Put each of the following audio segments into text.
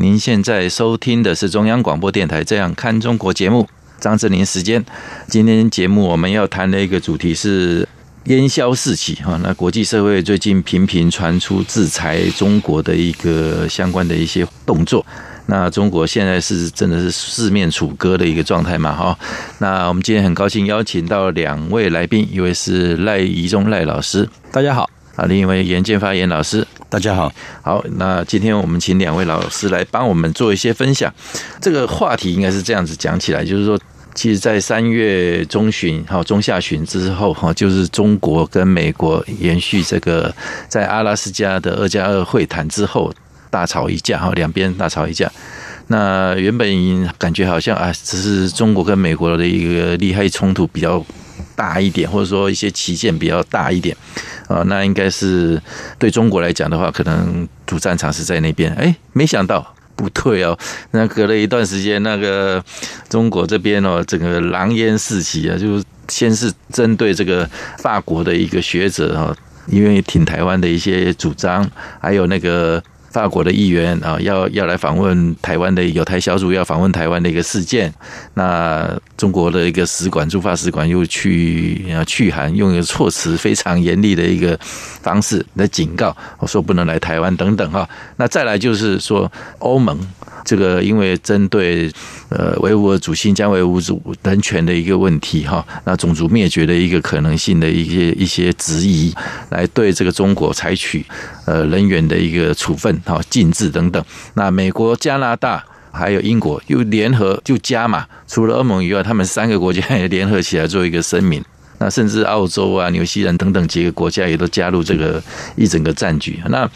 您現在收聽的是中央廣播電台《這樣看中國》節目，張正霖時間。今天節目我們要談的一個主題是煙硝四起哈。那國際社會最近頻頻傳出制裁中國的一個相關的一些動作，那中國現在是真的是四面楚歌的一個狀態嘛哈？那我們今天很高興邀請到兩位來賓，一位是賴怡忠賴老師，大家好。啊，另一位顏建發顏老師，大家好。好，那今天我們請兩位老師來幫我們做一些分享。這個話題應該是這樣子講起來，就是說，其實，在三月中旬哈、中下旬之後哈，就是中國跟美國延續這個在阿拉斯加的二加二會談之後大吵一架哈，兩邊大吵一架。那原本感覺好像啊，只是中國跟美國的一個利害衝突比較。大一點，或者說一些旗艦比較大一點，啊、哦，那應該是對中國來講的話，可能主戰場是在那邊。哎，沒想到不對哦。那隔了一段時間，那個中國這邊哦，整個狼煙四起啊，就先是針對這個法國的一個學者哦，因為挺台灣的一些主張，還有那個。法國的議員啊，要要來訪問台灣的友台小組要訪問台灣的一個事件，那中國的一個使館駐法使館又去啊去函，用一個措辭非常嚴厲的一個方式來警告，我說不能來台灣等等哈。那再來就是說歐盟。這個因為針對呃維吾爾族新疆維吾爾族人權的一個問題哈、哦，那種族滅絕的一個可能性的一些一些質疑，來對這個中國採取呃人員的一個處分哈、哦、禁制等等。那美國、加拿大還有英國又聯合就加嘛，除了歐盟以外，他們三個國家也聯合起來做一個聲明。那甚至澳洲啊、紐西蘭等等幾個國家也都加入這個一整個戰局。那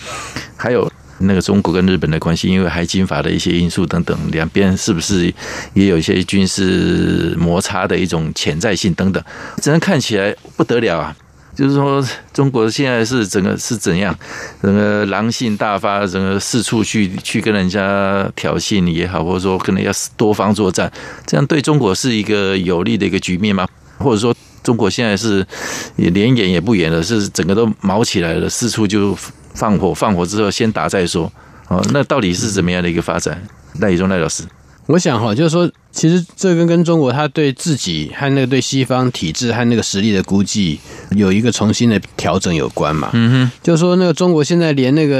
還有。那個中國跟日本的關係，因為海警法的一些因素等等，兩邊是不是也有一些軍事摩擦的一種潛在性等等？只能看起來不得了啊！就是說，中國現在是整個是怎樣，整個狼性大發，整個四處去去跟人家挑釁也好，或者說可能要多方作戰，這樣對中國是一個有利的一個局面嗎？或者說，中國現在是也連演也不演了，是整個都毛起來了，四處就？放火，放火之後先打再說，哦，那到底是怎麼樣的一個發展？賴怡忠、賴老師，我想哈，就是說，其實這跟跟中國他對自己和那個對西方體制和那個實力的估計有一個重新的調整有關嘛。嗯哼，就是說那個中國現在連那個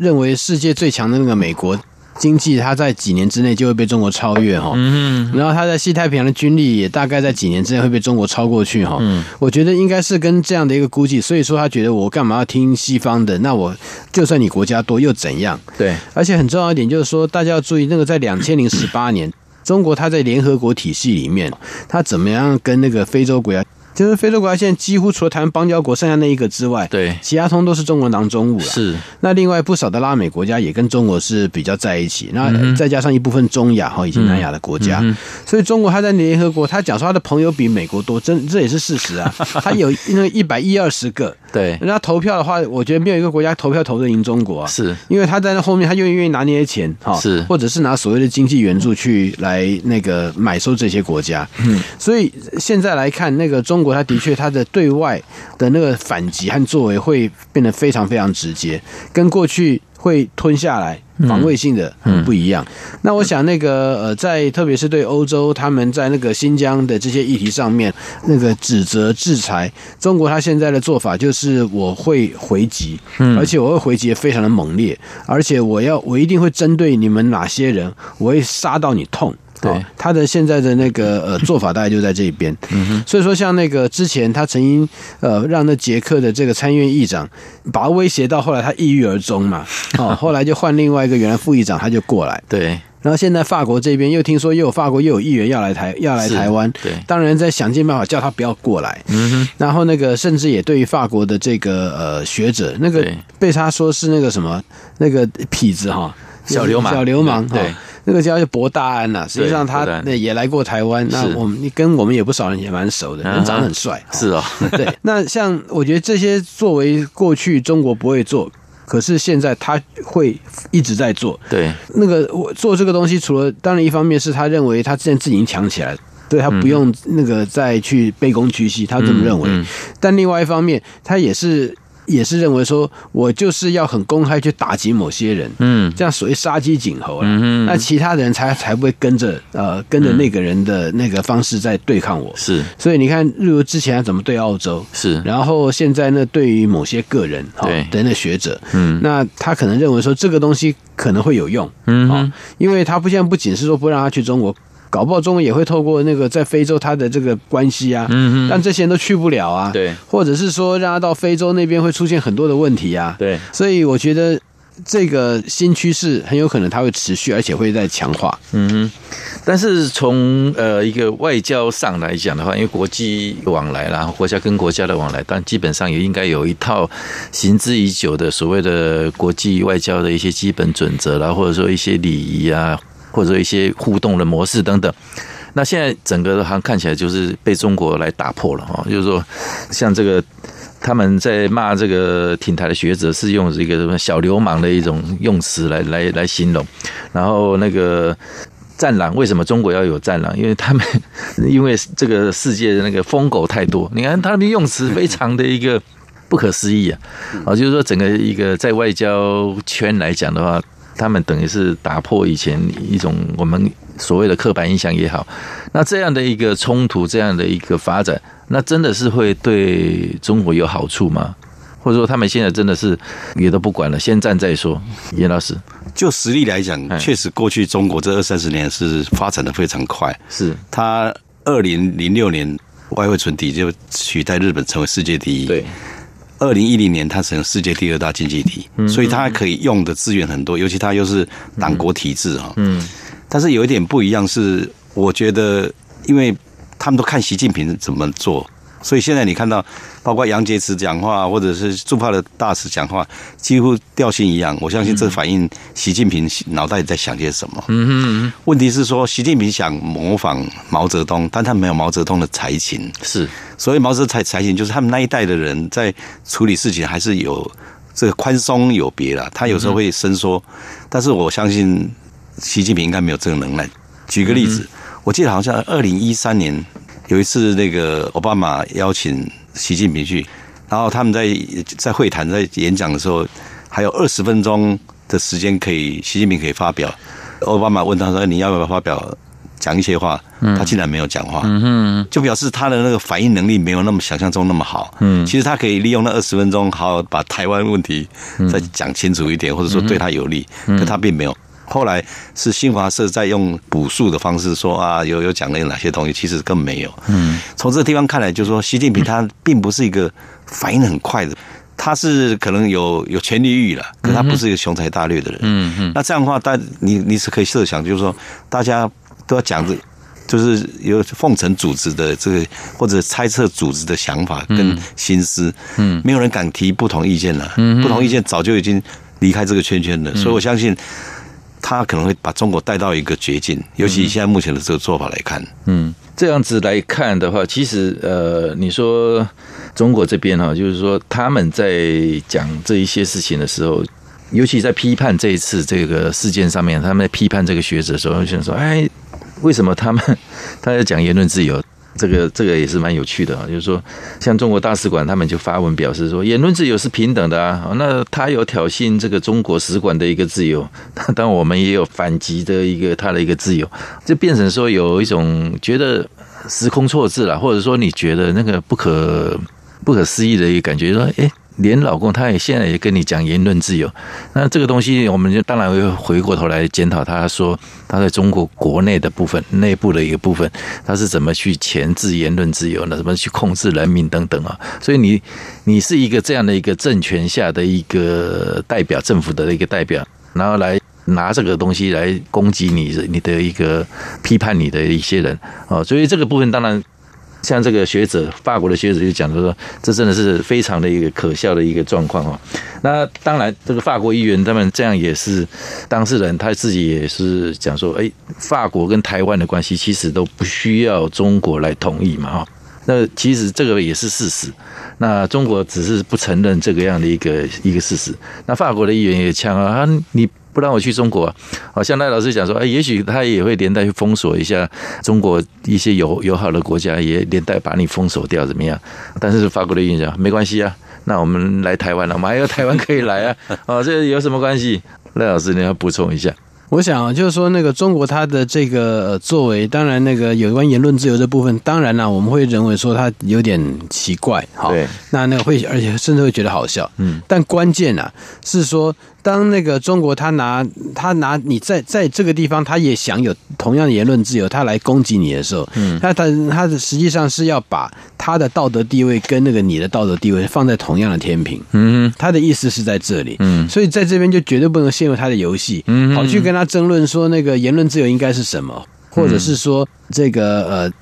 認為世界最強的那個美國。經濟，它在幾年之內就會被中國超越哈，嗯、然後它在西太平洋的軍力也大概在幾年之內會被中國超過去哈。嗯、我覺得應該是跟這樣的一個估計，所以說他覺得我幹嘛要聽西方的？那我就算你國家多又怎樣？對，而且很重要一點就是說，大家要注意那個在兩千零十八年，嗯、中國它在聯合國體系裡面，它怎麼樣跟那個非洲國家。就是非洲國家現在幾乎除了台灣邦交國剩下那一個之外，對，其他通都是中國囊中物了。是。那另外不少的拉美國家也跟中國是比較在一起。嗯，那再加上一部分中亞哈以及南亞的國家，嗯，所以中國他在聯合國，他講說他的朋友比美國多，真這也是事實啊。他有那一百一二十個， 對。那投票的話，我覺得沒有一個國家投票投得贏中國啊。是。因為他在那後面，他願意願意拿那些錢哈，是，或者是拿所謂的經濟援助去來那個買收這些國家。嗯。所以現在來看那個中。中國，它的確，它的對外的那個反擊和作為會變得非常非常直接，跟過去會吞下來防衛性的很不一樣。嗯，嗯。那我想，那個呃，在特別是對歐洲，他們在那個新疆的這些議題上面，那個指責制裁，中國他現在的做法就是，我會回擊，而且我會回擊也非常的猛烈，而且我要我一定會針對你們哪些人，我會殺到你痛。對、哦、他的現在的那個呃做法，大概就在這一邊。嗯、哼所以說，像那個之前他曾經呃讓那捷克的這個參院議長把他威脅到，後來他抑鬱而終嘛。哦，後來就換另外一個原來副議長，他就過來。對，然後現在法國這邊又聽說又有法國又有議員要來台要來台灣。對，當然在想盡辦法叫他不要過來。嗯哼。然後那個甚至也對於法國的這個呃學者，那個被他說是那個什麼那個痞子哈、哦、小流氓小，小流氓對。哦那個傢伙就博大安吶、啊，實際上他那也來過台灣，那我們跟我們也不少人也蠻熟的，是人長得很帥。Uh huh、吼是哦， 對。那像我覺得這些作為過去中國不會做，可是現在他會一直在做。對，那個做這個東西，除了當然一方面是他認為他現在自己已經強起來，對他不用那個再去卑躬屈膝，他這麼認為。嗯嗯、但另外一方面，他也是。也是認為說，我就是要很公開去打擊某些人，嗯，這樣所謂殺雞儆猴了。嗯哼嗯哼，那其他人才才不會跟着呃跟着那個人的那個方式在對抗我。是、嗯，所以你看，例如之前要怎麼對澳洲，是，然後現在呢，對於某些個人，對，等等、哦、學者，嗯，那他可能認為說這個東西可能會有用，嗯哼、哦，因為他不現在不僅是說不讓他去中國。搞不好中國也會透過那個在非洲他的這個關係啊，嗯哼，但這些人都去不了啊，對，或者是說讓他到非洲那邊會出現很多的問題啊，對，所以我覺得這個新趨勢很有可能它會持續，而且會再強化。嗯哼，但是從呃一個外交上來講的話，因為國際往來啦，國家跟國家的往來，但基本上也應該有一套行之已久的所謂的國際外交的一些基本準則啦，或者說一些禮儀啊。或者說一些互動的模式等等，那現在整個好像看起來就是被中國來打破了哦，就是說，像這個他們在罵這個挺台的學者是用一個什麼小流氓的一種用詞來來來形容，然後那個戰狼為什麼中國要有戰狼？因為他們因為這個世界的那個瘋狗太多，你看他們用詞非常的一個不可思議啊，啊，就是說整個一個在外交圈來講的話。他們等於是打破以前一種我們所謂的刻板印象也好，那這樣的一個衝突，這樣的一個發展，那真的是會對中國有好處嗎？或者說他們現在真的是也都不管了，先戰再說？嚴老師，就實力來講，確實過去中國這二三十年是發展得非常快，是。他二零零六年外匯存底就取代日本成為世界第一。對。二零一零年，它成了世界第二大經濟體，所以它可以用的資源很多，尤其它又是黨國體制嗯，但是有一點不一樣是，我覺得，因為他們都看習近平怎麼做。所以現在你看到，包括楊潔篪講話，或者是駐法的大使講話，幾乎調性一樣。我相信這反映習近平腦袋在想些什麼。嗯，問題是說，習近平想模仿毛澤東，但他沒有毛澤東的才情。是。所以毛澤東才才情，就是他們那一代的人在處理事情還是有這個寬鬆有別了。他有時候會伸縮，但是我相信習近平應該沒有這個能耐。舉個例子，我記得好像二零一三年。有一次，那個奧巴馬邀請習近平去，然後他們在在會談、在演講的時候，還有二十分鐘的時間可以，習近平可以發表。奧巴馬問他說、欸：“你要不要發表講一些話？”他竟然沒有講話，嗯、就表示他的那個反應能力沒有那麼想象中那麼好。嗯、其實他可以利用那二十分鐘，好好把台灣問題再講清楚一點，嗯、或者說對他有利，嗯、可他並沒有。後來是新華社在用補述的方式說啊，有有講了有哪些東西，其實根本沒有。嗯，從這地方看來，就是說，習近平他並不是一個反應很快的，他是可能有有權力慾了，可他不是一個雄才大略的人。嗯嗯。那這樣的話，大你你是可以設想，就是說，大家都要講的，就是有奉承組織的這個或者猜測組織的想法跟心思。嗯。沒有人敢提不同意見了。嗯。不同意見早就已經離開這個圈圈了，所以我相信。他可能會把中國帶到一個絕境，尤其以現在目前的這個做法來看。嗯，這樣子來看的話，其實呃，你說中國這邊哈，就是說他們在講這一些事情的時候，尤其在批判這一次這個事件上面，他們在批判這個學者的時候，有些人說，哎，為什麼他們他在講言論自由？這個這個也是蠻有趣的啊，就是說，像中國大使館他們就發文表示說，言論自由是平等的啊。那他有挑釁這個中國使館的一個自由，但我們也有反擊的一個他的一個自由，就變成說有一種覺得時空錯置了，或者說你覺得那個不可不可思議的一個感覺就是說，說哎。連老公他也現在也跟你講言論自由，那這個東西我們就當然會回過頭來檢討。他說他在中國國內的部分、內部的一個部分，他是怎麼去鉗制言論自由呢？怎麼去控制人民等等啊？所以你你是一個這樣的一個政權下的一個代表，政府的一個代表，然後來拿這個東西來攻擊你、你的一個批判你的一些人啊。所以這個部分當然。像這個學者，法國的學者就講說，這真的是非常的一個可笑的一個狀況啊。那當然，這個法國議員他們這樣也是當事人，他自己也是講說，哎，法國跟台灣的關係其實都不需要中國來同意嘛。那其實這個也是事實，那中國只是不承認這個樣的一個一個事實。那法國的議員也嗆啊，你。不讓我去中國、啊，好像賴老師講說，哎、欸，也許他也會連帶去封鎖一下中國一些友友好的國家，也連帶把你封鎖掉，怎麼樣？但是法國的印象沒關係啊，那我們來台灣了、啊，我們還有台灣可以來啊，哦、 啊，這有什麼關係？賴老師，你要補充一下。我想、啊、就是說，那個中國它的這個作為，當然那個有關言論自由的部分，當然呢、啊、我們會認為說它有點奇怪，好，對那那個會，而且甚至會覺得好笑，嗯，但關鍵啊是說。當那個中國他拿他拿你在在這個地方，他也享有同樣的言論自由，他來攻擊你的時候，嗯，他他他的實際上是要把他的道德地位跟那個你的道德地位放在同樣的天平，嗯，他的意思是在這裡，嗯，所以在這邊就絕對不能陷入他的遊戲，嗯，跑去跟他爭論說那個言論自由應該是什麼，或者是說這個、嗯、呃。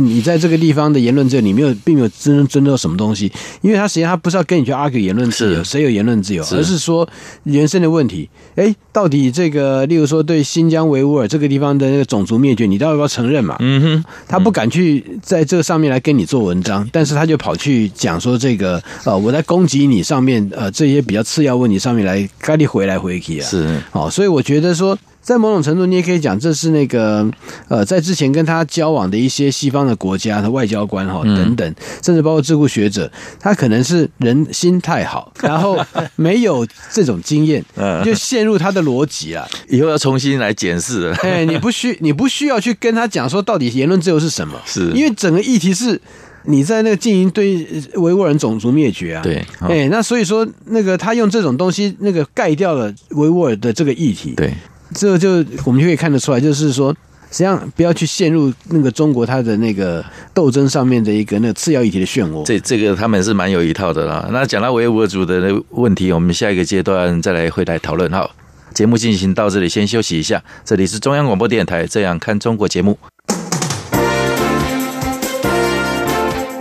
你在這個地方的言論自由，你沒有，並沒有尊重什麼東西，因為他實際上他不是要跟你去 argue 言論自由，是誰有言論自由，是而是說人生的問題，哎，到底這個，例如說對新疆維吾爾這個地方的那個種族滅絕，你到底要不要承認嘛？嗯哼，他不敢去在這個上面來跟你做文章，嗯、但是他就跑去講說這個，呃，我在攻擊你上面，呃，這些比較次要問題上面來，趕緊回來回去啊，是，哦，所以我覺得說。在某種程度，你也可以講，這是那個呃，在之前跟他交往的一些西方的國家的外交官哈等等，甚至包括智庫學者，他可能是人心太好，然後沒有這種經驗，就陷入他的邏輯啊。以後要重新來檢視了。哎，你不需你不需要去跟他講說，到底言論自由是什麼？是因為整個議題是你在那個進行對維吾爾人種族滅絕啊。對，哎，那所以說，那個他用這種東西，那個蓋掉了維吾爾的這個議題。對。這就我們就可以看得出來，就是說，實際上不要去陷入那個中國它的那個鬥爭上面的一個那個次要議題的漩渦。這這個他們是蠻有一套的啦、啊。那講到維吾爾族的問題，我們下一個階段再來會來討論。好，節目進行到這裡，先休息一下。這裡是中央廣播電台《這樣看中國》節目，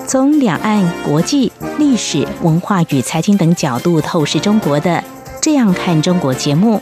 從兩岸、國際、歷史、文化與財經等角度透視中國的《這樣看中國》節目。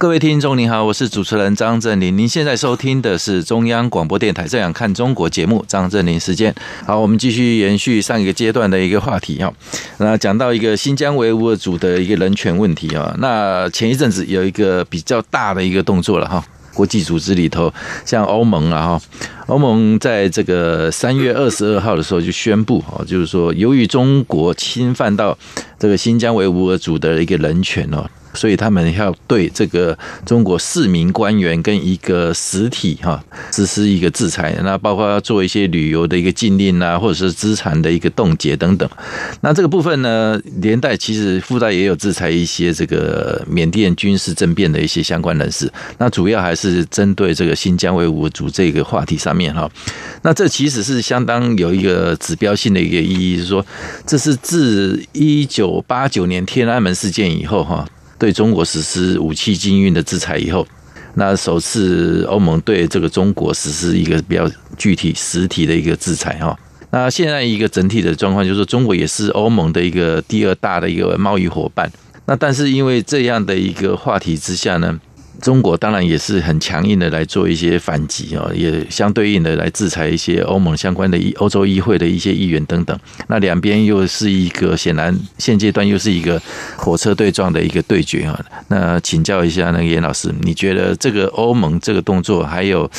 各位聽眾您好，我是主持人張正霖，您現在收聽的是中央廣播電臺《這樣看中國》節目，張正霖時間。好，我們繼續延續上一個階段的一個話題哈，那講到一個新疆維吾爾族的一個人權問題啊，那前一陣子有一個比較大的一個動作了哈，國際組織裡頭像歐盟啊哈，歐盟在這個三月二十二號的時候就宣布啊，就是說由於中國侵犯到這個新疆維吾爾族的一個人權哦。所以他們要對這個中國四名官員跟一個實體哈、啊、實施一個制裁，那包括要做一些旅遊的一個禁令啊，或者是資產的一個凍結等等。那這個部分呢，連帶其實附帶也有制裁一些這個緬甸軍事政變的一些相關人士。那主要還是針對這個新疆維吾爾族這個話題上面哈。那這其實是相當有一個指標性的一個意義，就是說這是自一九八九年天安門事件以後哈、啊。對中國實施武器禁運的制裁以後，那首次歐盟對這個中國實施一個比較具體實體的一個制裁哈。那現在一個整體的狀況就是，中國也是歐盟的一個第二大的一個貿易夥伴。那但是因為這樣的一個話題之下呢。中國當然也是很強硬的來做一些反擊啊，也相對應的來制裁一些歐盟相關的一歐洲議會的一些議員等等。那兩邊又是一個顯然現階段又是一個火車對撞的一個對決啊。那請教一下那個顏老師，你覺得這個歐盟這個動作，還有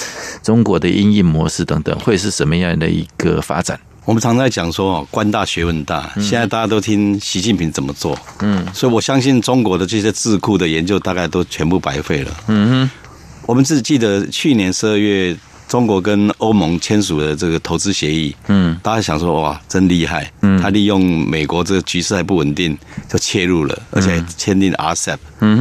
中國的因應模式等等，會是什麼樣的一個發展？我們常常在講說哦，官大學問大，現在大家都聽習近平怎麼做，嗯，所以我相信中國的這些智庫的研究大概都全部白費了，嗯哼。我們只記得去年十二月，中國跟歐盟簽署了這個投資協議，嗯，大家想說哇，真厲害，他利用美國這個局勢還不穩定就切入了，而且簽訂 RCEP，嗯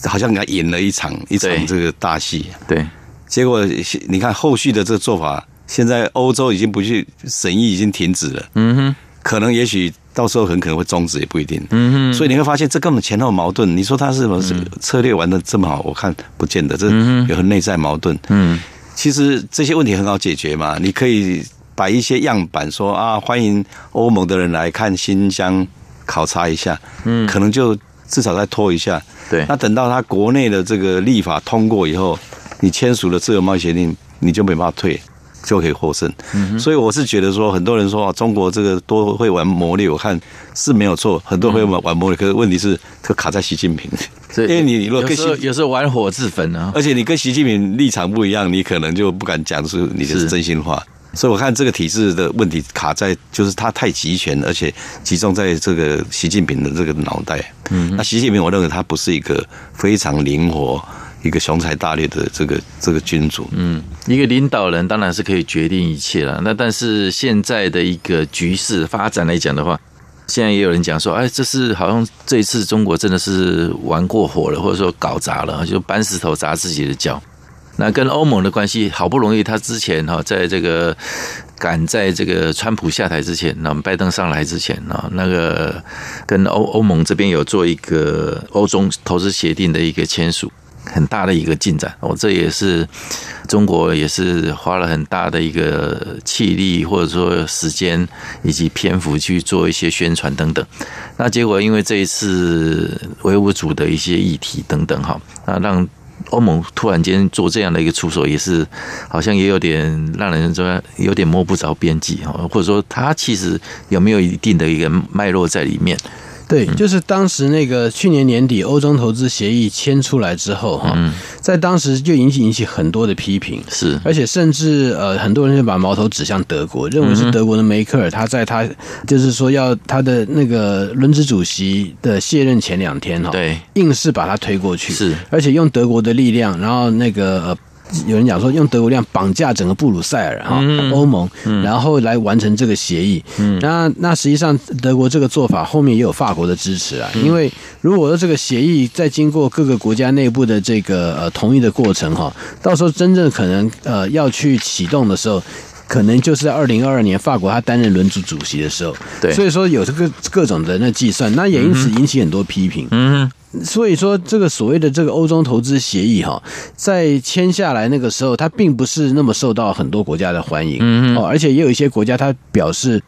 哼，好像給他演了一場一場這個大戲，對，結果你看後續的這個做法。現在歐洲已經不去審議，已經停止了。嗯哼，可能也許到時候很可能會終止，也不一定。嗯哼，所以你會發現這根本前後矛盾。你說他是什麼策略玩得這麼好？我看不見得，這有很內在矛盾。嗯，其實這些問題很好解決嘛。你可以擺一些樣板，說啊，歡迎歐盟的人來看新疆考察一下。嗯，可能就至少再拖一下。對，那等到他國內的這個立法通過以後，你簽署了自由貿易協定，你就沒辦法退。就可以獲勝，所以我是覺得說，很多人說啊，中國這個多會玩謀略，我看是沒有錯，很多會玩玩謀略，可是問題是，它卡在習近平，因為你如果有時候玩火自焚啊，而且你跟習近平立場不一樣，你可能就不敢講出你的真心話。所以我看這個體制的問題卡在，就是它太極權，而且集中在這個習近平的這個腦袋。嗯，那習近平，我認為他不是一個非常靈活。一個雄才大略的這個這個君主，嗯，一個領導人當然是可以決定一切了。那但是現在的一個局勢發展來講的話，現在也有人講說，哎，這是好像這一次中國真的是玩過火了，或者說搞砸了，就搬石頭砸自己的腳。那跟歐盟的關係，好不容易他之前哈，在這個趕在這個川普下台之前，那我們拜登上台之前，那那個跟歐歐盟這邊有做一個歐中投資協定的一個簽署。很大的一個進展，我、哦、這也是中國也是花了很大的一個氣力，或者說時間以及篇幅去做一些宣傳等等。那結果因為這一次維吾爾族的一些議題等等哈，那讓歐盟突然間做這樣的一個出手，也是好像也有點讓人說有點摸不着邊際哈，或者說他其實有沒有一定的一個脈絡在裡面？對，就是當時那個去年年底，歐洲投資協議簽出來之後哈，嗯、在當時就引起引起很多的批評，是，而且甚至呃，很多人就把矛頭指向德國，認為是德國的梅克爾，他在他、嗯、哼就是說要他的那個輪值主席的卸任前兩天哈，對，硬是把他推過去，是，而且用德國的力量，然後那個。呃有人講說，用德國量，綁架整個布魯塞爾哈歐盟，嗯、然後來完成這個協議。嗯、那那實際上德國這個做法後面也有法國的支持啊。嗯、因為如果說這個協議在經過各個國家內部的這個呃同意的過程哈，到時候真正可能呃要去啟動的時候，可能就是在二零二二年法國他擔任輪值主、主席的時候。對，所以說有這個各種的那計算，那也因此引起很多批評。嗯。嗯所以說，這個所謂的這個歐中投資協議哈，在簽下來那個時候，它並不是那麼受到很多國家的歡迎，嗯，哦，而且也有一些國家它表示。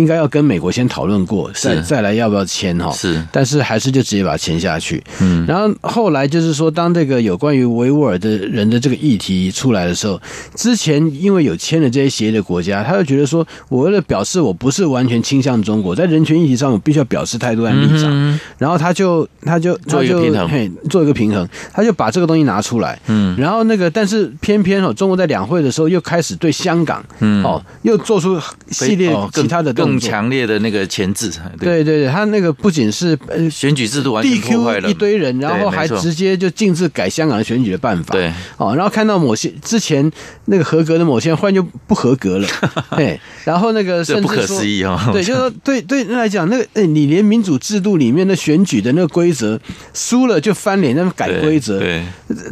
應該要跟美國先討論過，再再來要不要簽哈。是，但是還是就直接把它簽下去。嗯，然後後來就是說，當這個有關於維吾爾的人的這個議題出來的時候，之前因為有簽了這些協議的國家，他就覺得說，我為了表示我不是完全傾向中國，在人權議題上我必須要表示態度在立場。嗯、哼然後他就他就他就做一個平衡，做一個平衡，他就把這個東西拿出來。嗯，然後那個但是偏偏哦，中國在兩會的時候又開始對香港，嗯，哦，又做出系列其他的、哦。更強烈的那個鉗制，對對對，他那個不僅是選舉制度完全破壞了，DQ 一堆人，然後還直接就禁止改香港的選舉的辦法。對，哦，然後看到某些之前那個合格的某些人，忽然就不合格了，對。然後那個這不可思議哦。對，就是說對，對對那來講，那個哎，你連民主制度裡面的選舉的那個規則輸了就翻臉，那麼改規則，對，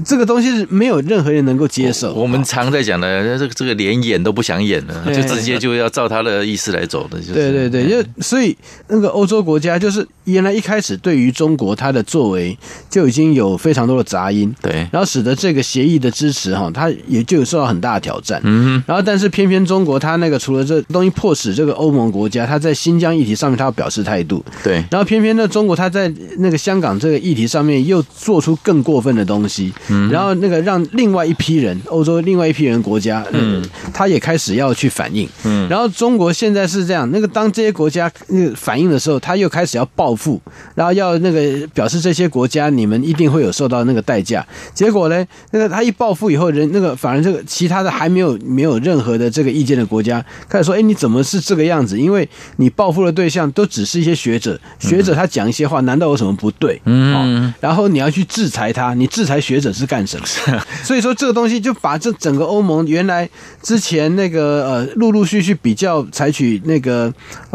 這個東西是沒有任何人能夠接受。我們常在講的，這個這個連演都不想演了，就直接就要照他的意思來走的，對對對，嗯、就所以那個歐洲國家就是原來一開始對於中國它的作為就已經有非常多的雜音，對，然後使得這個協議的支持哈，它也就有受到很大的挑戰，嗯哼，然後但是偏偏中國它那個除了這東西迫使這個歐盟國家它在新疆議題上面它要表示態度，對，然後偏偏那中國它在那個香港這個議題上面又做出更過分的東西，嗯哼，然後那個讓另外一批人歐洲另外一批人國家，嗯，嗯，他也開始要去反應，嗯，然後中國現在是這樣。那個當這些國家那個反應的時候，他又開始要報復，然後要那個表示這些國家你們一定會有受到那個代價。結果呢，那個他一報復以後，人那個反而這個其他的還沒有沒有任何的這個意見的國家開始說：“哎，你怎麼是這個樣子？因為你報復的對象都只是一些學者，學者他講一些話，難道有什麼不對？嗯、哦，然後你要去制裁他，你制裁學者是幹什麼？ 所以說這個東西就把這整個歐盟原來之前那個呃陸陸續續比較採取那個。”呃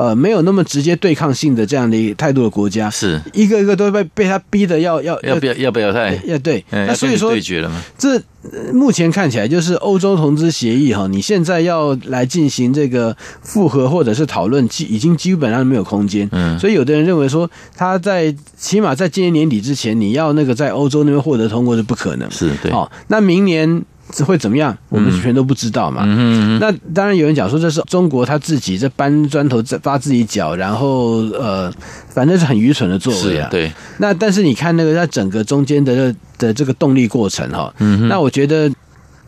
呃，沒有那麼直接對抗性的這樣的一個態度的國家，是一個一個都被被他逼得要要要不要他要不要太要對，嗯、那所以說對決了嗎？這目前看起來就是歐洲投資協議哈，你現在要來進行這個複核或者是討論，基已經基本上沒有空間，嗯，所以有的人認為說他在起碼在今年年底之前，你要那個在歐洲那邊獲得通過是不可能，是對，好、哦，那明年。會怎麼樣？我們全都不知道嘛。嗯嗯嗯、那當然有人講說這是中國他自己在搬磚頭在砸自己腳，然後呃，反正是很愚蠢的作為、啊、是對，那但是你看那個在整個中間的的這個動力過程哈、喔，嗯、哼那我覺得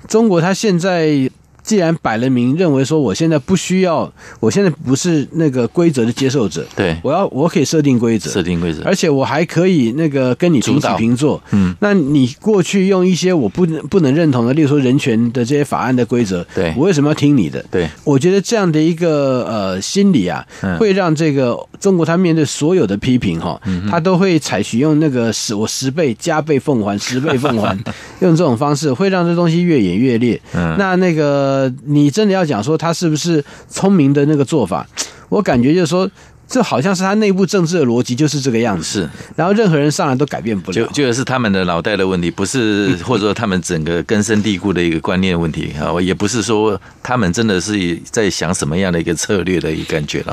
中國它現在。既然擺了名，認為說我現在不需要，我現在不是那個規則的接受者，對，我要我可以設定規則，設定規則，而且我還可以那個跟你平起平坐。嗯，那你過去用一些我不不能認同的，例如說人權的這些法案的規則，對。我為什麼要聽你的？對，我覺得這樣的一個呃心理啊，會讓這個中國他面對所有的批評哈、嗯哦，他都會採取用那個十我十倍加倍奉還，十倍奉還， 用這種方式會讓這東西越演越烈。嗯。那那個。呃，你真的要講說他是不是聰明的那個做法，我感覺就是說。這好像是他內部政治的邏輯，就是這個樣子。是，然後任何人上來都改變不了。就就是他們的腦袋的問題，不是或者說他們整個根深蒂固的一個觀念問題啊，也不是說他們真的是在想什麼樣的一個策略的一個感覺。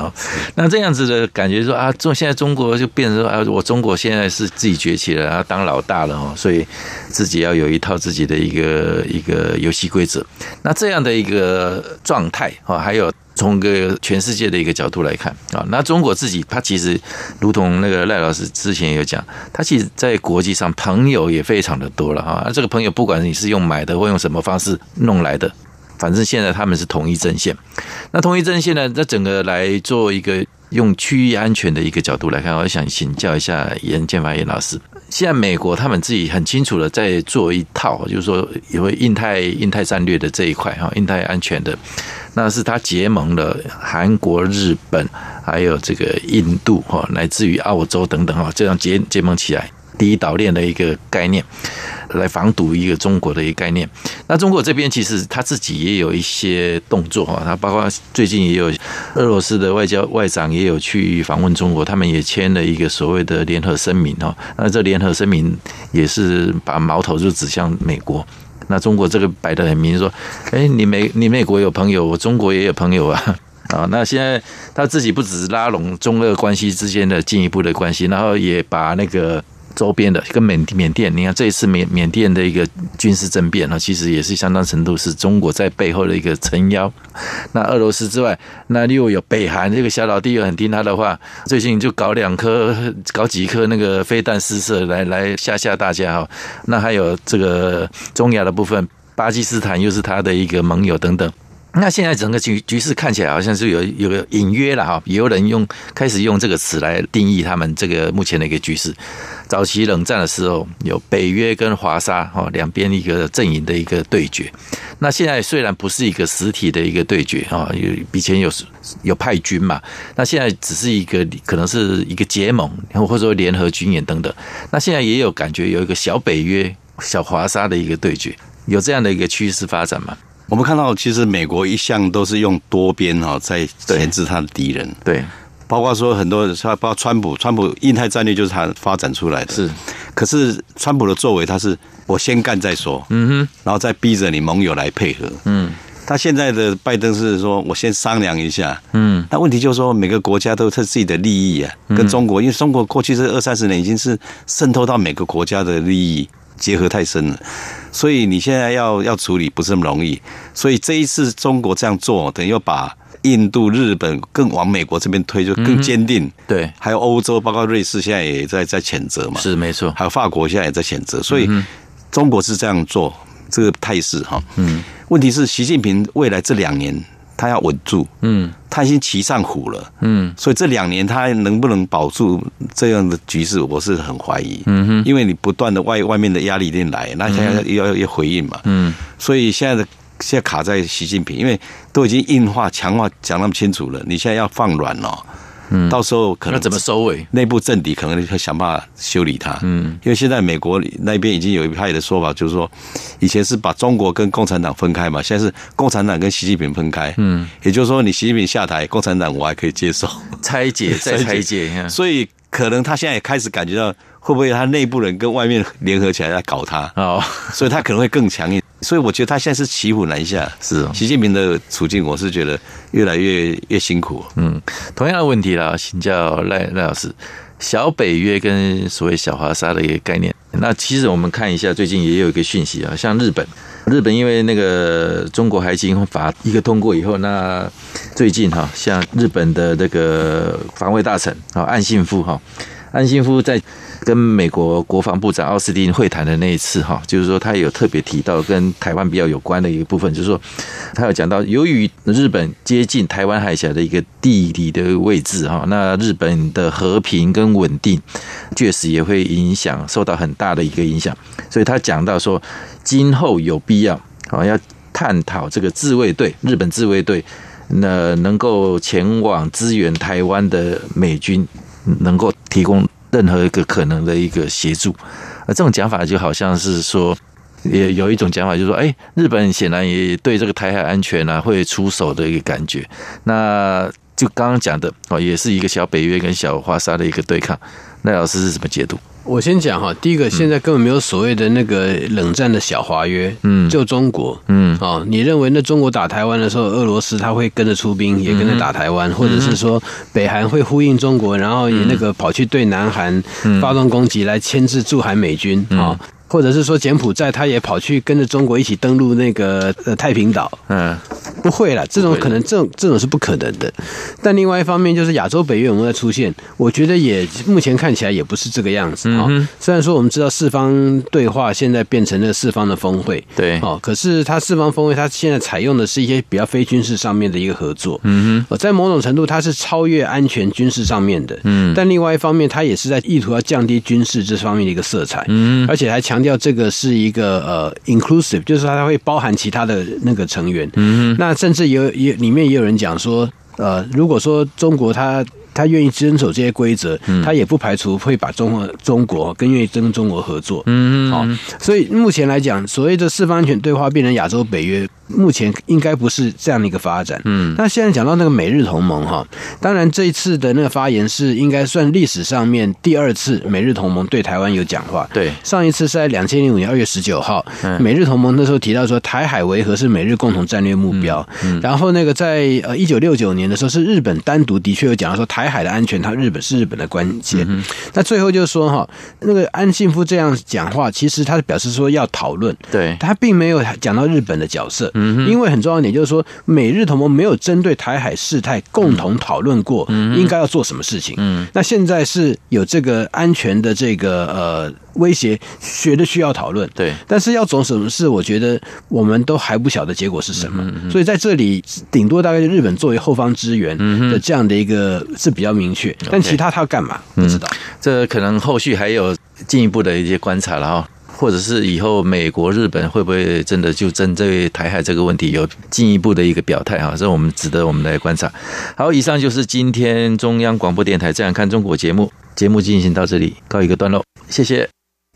那這樣子的感覺說啊，中現在中國就變成說啊，我中國現在是自己崛起了，啊，當老大了哦，所以自己要有一套自己的一個一個遊戲規則。那這樣的一個狀態啊，還有，從個全世界的一個角度來看啊，那中國自己，他其實如同那個賴老師之前也有講，他其實在國際上朋友也非常的多了哈。那、啊、這個朋友，不管你是用買的或用什麼方式弄來的，反正現在他們是同一陣線。那同一陣線呢，在整個來做一個用區域安全的一個角度來看，我想請教一下顏建發顏老師。現在美國他們自己很清楚的在做一套，就是說有關印太、印太戰略的這一塊哈，印太安全的，那是他結盟了韓國、日本，還有這個印度哈，乃至於澳洲等等哈，這樣結結盟起來。第一島鏈的一個概念，來防堵一個中國的一個概念。那中國這邊其實他自己也有一些動作啊，他包括最近也有俄羅斯的外交外長也有去訪問中國，他們也簽了一個所謂的聯合聲明哈，那這聯合聲明也是把矛頭就指向美國。那中國這個擺得很明說，說，欸，哎，你美你美國有朋友，我中國也有朋友啊啊。那現在他自己不只是拉攏中俄關係之間的進一步的關係，然後也把那個。周邊的跟緬緬甸，你看這一次緬緬甸的一個軍事政變啊，其實也是相當程度是中國在背後的一個撐腰。那俄羅斯之外，那又有北韓這個小老弟又很聽他的話，最近就搞兩顆、搞幾顆那個飛彈試射來來嚇嚇大家哈。那還有這個中亞的部分，巴基斯坦又是他的一個盟友等等。那現在整個局局勢看起來好像是有有個隱約了哈，也有人用，開始用這個詞來定義他們這個目前的一個局勢。早期冷戰的時候，有北約跟華沙哈，兩邊一個陣營的一個對決。那現在雖然不是一個實體的一個對決啊，有以前有有派軍嘛，那現在只是一個，可能是一個結盟或者說聯合軍演等等。那現在也有感覺有一個小北約、小華沙的一個對決，有這樣的一個趨勢發展嗎？我們看到，其實美國一向都是用多邊哈、哦、在鉗制他的敵人，對，包括說很多，包括川普，川普印太戰略就是他發展出來的，是。可是川普的作為，他是我先幹再說，嗯哼，然後再逼着你盟友來配合，嗯。他現在的拜登是說我先商量一下，嗯。但問題就是說，每個國家都有他自己的自己的利益啊，跟中國，因為中國過去這二三十年已經是滲透到每個國家的利益。結合太深了，所以你現在要要處理不是那麼容易。所以這一次中國這樣做，等於要把印度、日本更往美國這邊推，就更堅定，嗯。對，還有歐洲，包括瑞士現在也在在譴責嘛。是沒錯，還有法國現在也在譴責。所以中國是這樣做，這個態勢哈。嗯，問題是習近平未來這兩年。他要穩住，嗯，他已經騎上虎了，嗯，嗯，嗯、所以這兩年他能不能保住這樣的局勢，我是很懷疑，嗯哼、嗯，嗯、因為你不斷的外外面的壓力進來，那現在要要要回應嘛，嗯，所以現在的現在卡在習近平，因為都已經硬化強化講那麼清楚了，你現在要放軟了。嗯，到時候可能那怎麼收尾？內部政敵可能就會想辦法修理他。嗯，因為現在美國那邊已經有一派的說法，就是說，以前是把中國跟共產黨分開嘛，現在是共產黨跟習近平分開。嗯，也就是說，你習近平下台，共產黨我還可以接受。拆解，再拆解，所以可能他現在也開始感覺到，會不會他內部人跟外面聯合起來來搞他？哦，所以他可能會更強一點。所以我覺得他現在是騎虎難下，是、哦、習近平的處境，我是覺得越來越越辛苦，哦。嗯，同樣的問題啦，請教賴賴老師，小北約跟所謂小華沙的一個概念。那其實我們看一下，最近也有一個訊息啊，像日本，日本因為那個中國海警法一個通過以後，那最近哈，像日本的那個防衛大臣啊，岸信夫哈，岸信夫在。跟美國國防部長奧斯汀會談的那一次哈，就是說他有特別提到跟台灣比較有關的一個部分，就是說他有講到，由於日本接近台灣海峽的一個地理的位置哈，那日本的和平跟穩定確實也會影響，受到很大的一個影響，所以他講到說，今後有必要啊，要探討這個自衛隊，日本自衛隊那能夠前往支援台灣的美軍，能夠提供。任何一個可能的一個協助，啊，這種講法就好像是說，也有一種講法就是說，哎、欸，日本顯然也對這個台海安全啊會出手的一個感覺。那就剛剛講的哦，也是一個小北約跟小華沙的一個對抗。那老師是怎麼解讀？我先講哈，第一個，現在根本沒有所謂的那個冷戰的小華約，嗯，就中國，嗯，哦，你認為那中國打台灣的時候，俄羅斯他會跟着出兵，嗯，也跟着打台灣，或者是說北韓會呼應中國，然後也那個跑去對南韓發動攻擊來牽制駐韓美軍啊？嗯嗯或者是說柬埔寨，他也跑去跟着中國一起登陸那個呃太平島。嗯，不會啦，這種可能，會這種這種是不可能的。但另外一方面，就是亞洲北約有沒有出現？我覺得也目前看起來也不是這個樣子啊。嗯、哼雖然說我們知道四方對話現在變成了四方的峰會，對，哦，可是他四方峰會他現在採用的是一些比較非軍事上面的一個合作。嗯哼，在某種程度它是超越安全軍事上面的。嗯，但另外一方面，他也是在意圖要降低軍事這方面的一個色彩。嗯，而且還強。強調這個是一個呃 inclusive，就是它會包含其他的那個成員。嗯哼，那甚至有也裡面也有人講說，呃，如果說中國它。他願意遵守這些規則，他也不排除會把中和中國更願意跟中國合作。嗯，好，所以目前來講，所謂的四方安全對話變成亞洲北約，目前應該不是這樣的一個發展。嗯，那現在講到那個美日同盟哈，當然這一次的那個發言是應該算歷史上面第二次美日同盟對台灣有講話。對，上一次是在二千零五年二月十九號，美日同盟那時候提到說台海維和是美日共同戰略目標。嗯，嗯，然後那個在呃一九六九年的時候，是日本單獨的確有講到說台海的安全，它、日本是日本的關鍵。嗯、哼那最後就是說，哈，那個岸信夫這樣講話，其實他表示說要討論，對，他並沒有講到日本的角色，嗯哼，因為很重要一點就是說，美日同盟沒有針對台海事態共同討論過應該要做什麼事情，嗯哼，那現在是有這個安全的這個呃。威脅，學的需要討論，對，但是要做什麼事，我覺得我們都還不曉得結果是什麼，嗯哼，嗯哼，所以在這裡頂多大概就日本作為後方支援的、嗯、哼這樣的一個是比較明確，嗯、哼但其他他要幹嘛 Okay 不知道、嗯，這可能後續還有進一步的一些觀察了哈，或者是以後美國日本會不會真的就針對台海這個問題有進一步的一個表態哈，這我們值得我們來觀察。好，以上就是今天中央廣播電台《這樣看中國》節目，節目進行到這裡告一個段落，謝謝。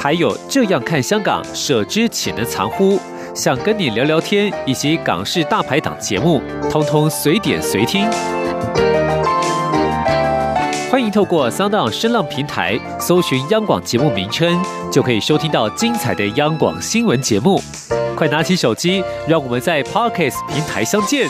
還有這樣看香港、舍之且能藏乎？想跟你聊聊天，以及港式大排檔節目，通通隨點隨聽。歡迎透過 SoundOn 聲浪平台搜尋央廣節目名稱，就可以收聽到精彩的央廣新聞節目。快拿起手機，讓我們在 Podcast 平台相見。